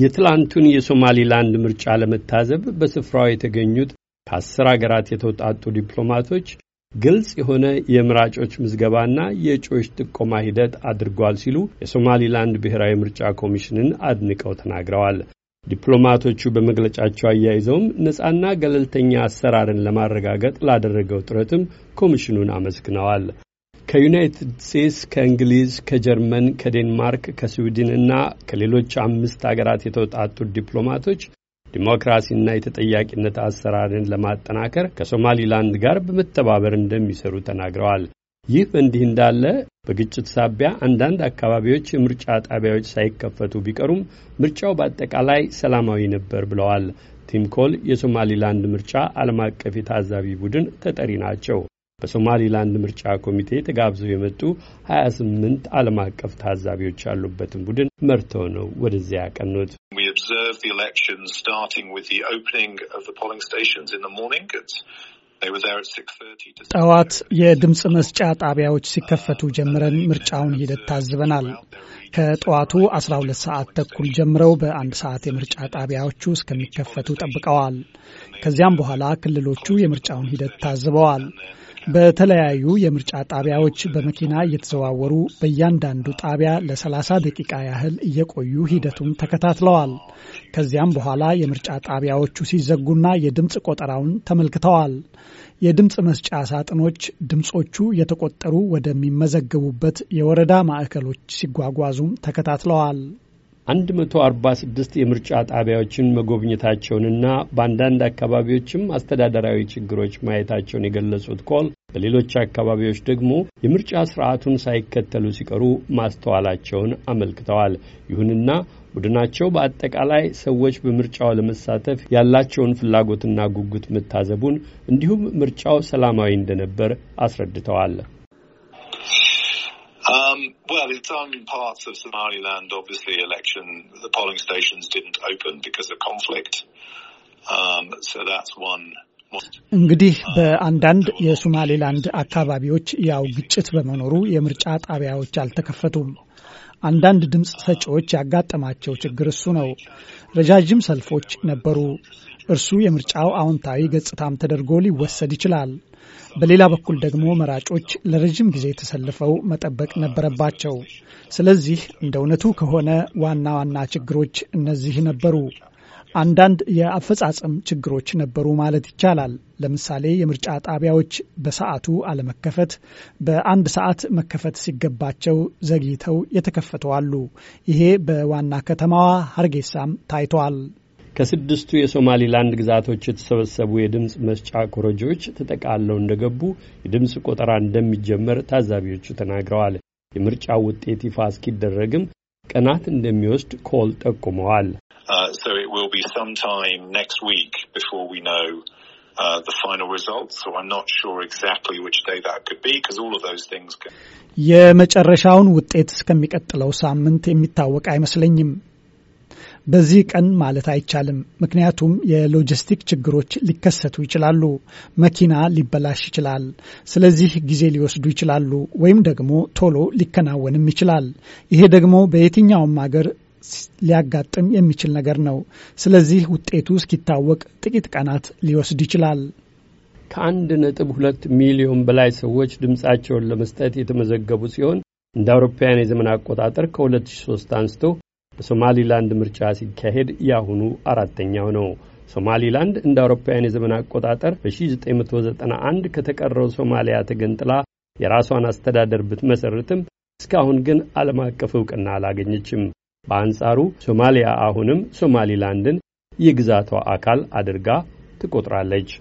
የትላንቱን የሶማሊላንድ ምርጫ ለመታዘብ በስፍራው የተገኙት ከአስር አገራት የተውጣጡ ዲፕሎማቶች ግልጽ የሆነ የምራጮች ምዝገባና የእጩዎች ጥቆማ ሂደት አድርጓል ሲሉ የሶማሊላንድ ብሔራዊ ምርጫ ኮሚሽንን አድንቀው ተናግረዋል። ዲፕሎማቶቹ በመግለጫቸው አያይዘውም ነጻና ገለልተኛ አሰራርን ለማረጋገጥ ላደረገው ጥረትም ኮሚሽኑን አመስግነዋል። ከዩናይትድ ስቴትስ፣ ከእንግሊዝ፣ ከጀርመን፣ ከዴንማርክ፣ ከስዊድን እና ከሌሎች አምስት ሀገራት የተውጣጡ ዲፕሎማቶች ዲሞክራሲና የተጠያቂነት አሰራርን ለማጠናከር ከሶማሊላንድ ጋር በመተባበር እንደሚሰሩ ተናግረዋል። ይህ በእንዲህ እንዳለ በግጭት ሳቢያ አንዳንድ አካባቢዎች የምርጫ ጣቢያዎች ሳይከፈቱ ቢቀሩም ምርጫው በአጠቃላይ ሰላማዊ ነበር ብለዋል። ቲም ኮል የሶማሊላንድ ምርጫ ዓለም አቀፍ የታዛቢ ቡድን ተጠሪ ናቸው። በሶማሊላንድ ምርጫ ኮሚቴ ተጋብዘው የመጡ 28 ዓለም አቀፍ ታዛቢዎች ያሉበትን ቡድን መርተው ነው ወደዚያ ያቀኑት። ጠዋት የድምፅ መስጫ ጣቢያዎች ሲከፈቱ ጀምረን ምርጫውን ሂደት ታዝበናል። ከጠዋቱ 12 ሰዓት ተኩል ጀምረው በአንድ ሰዓት የምርጫ ጣቢያዎቹ እስከሚከፈቱ ጠብቀዋል። ከዚያም በኋላ ክልሎቹ የምርጫውን ሂደት ታዝበዋል። በተለያዩ የምርጫ ጣቢያዎች በመኪና እየተዘዋወሩ በእያንዳንዱ ጣቢያ ለ30 ደቂቃ ያህል እየቆዩ ሂደቱን ተከታትለዋል። ከዚያም በኋላ የምርጫ ጣቢያዎቹ ሲዘጉና የድምፅ ቆጠራውን ተመልክተዋል። የድምፅ መስጫ ሳጥኖች ድምፆቹ የተቆጠሩ ወደሚመዘገቡበት የወረዳ ማዕከሎች ሲጓጓዙም ተከታትለዋል። 146 የምርጫ ጣቢያዎችን መጎብኘታቸውንና በአንዳንድ አካባቢዎችም አስተዳደራዊ ችግሮች ማየታቸውን የገለጹት ኮል በሌሎች አካባቢዎች ደግሞ የምርጫ ስርዓቱን ሳይከተሉ ሲቀሩ ማስተዋላቸውን አመልክተዋል። ይሁንና ቡድናቸው በአጠቃላይ ሰዎች በምርጫው ለመሳተፍ ያላቸውን ፍላጎትና ጉጉት መታዘቡን እንዲሁም ምርጫው ሰላማዊ እንደነበር አስረድተዋል። Um, well, in some parts of Somaliland, obviously, election the polling stations didn't open because of conflict. Um, so that's one እንግዲህ በአንዳንድ የሶማሌላንድ አካባቢዎች ያው ግጭት በመኖሩ የምርጫ ጣቢያዎች አልተከፈቱም። አንዳንድ ድምፅ ሰጪዎች ያጋጠማቸው ችግር እሱ ነው። ረዣዥም ሰልፎች ነበሩ። እርሱ የምርጫው አዎንታዊ ገጽታም ተደርጎ ሊወሰድ ይችላል። በሌላ በኩል ደግሞ መራጮች ለረዥም ጊዜ ተሰልፈው መጠበቅ ነበረባቸው። ስለዚህ እንደ እውነቱ ከሆነ ዋና ዋና ችግሮች እነዚህ ነበሩ። አንዳንድ የአፈጻጸም ችግሮች ነበሩ ማለት ይቻላል። ለምሳሌ የምርጫ ጣቢያዎች በሰዓቱ አለመከፈት፣ በአንድ ሰዓት መከፈት ሲገባቸው ዘግይተው የተከፈቱ አሉ። ይሄ በዋና ከተማዋ ሀርጌሳም ታይቷል። ከስድስቱ የሶማሊላንድ ግዛቶች የተሰበሰቡ የድምፅ መስጫ ኮረጆዎች ተጠቃለው እንደገቡ የድምፅ ቆጠራ እንደሚጀመር ታዛቢዎቹ ተናግረዋል። የምርጫው ውጤት ይፋ እስኪደረግም ቀናት እንደሚወስድ ኮል ጠቁመዋል። የመጨረሻውን ውጤት እስከሚቀጥለው ሳምንት የሚታወቅ አይመስለኝም። በዚህ ቀን ማለት አይቻልም። ምክንያቱም የሎጂስቲክ ችግሮች ሊከሰቱ ይችላሉ። መኪና ሊበላሽ ይችላል። ስለዚህ ጊዜ ሊወስዱ ይችላሉ፣ ወይም ደግሞ ቶሎ ሊከናወንም ይችላል። ይሄ ደግሞ በየትኛውም ሀገር ሊያጋጥም የሚችል ነገር ነው። ስለዚህ ውጤቱ እስኪታወቅ ጥቂት ቀናት ሊወስድ ይችላል። ከአንድ ነጥብ ሁለት ሚሊዮን በላይ ሰዎች ድምፃቸውን ለመስጠት የተመዘገቡ ሲሆን እንደ አውሮፓውያን የዘመን አቆጣጠር ከ2003 አንስቶ በሶማሊላንድ ምርጫ ሲካሄድ ያሁኑ አራተኛው ነው። ሶማሊላንድ እንደ አውሮፓውያን የዘመን አቆጣጠር በ1991 ከተቀረው ሶማሊያ ተገንጥላ የራሷን አስተዳደር ብትመሰርትም እስካሁን ግን ዓለም አቀፍ እውቅና አላገኘችም። በአንጻሩ ሶማሊያ አሁንም ሶማሊላንድን የግዛቷ አካል አድርጋ ትቆጥራለች።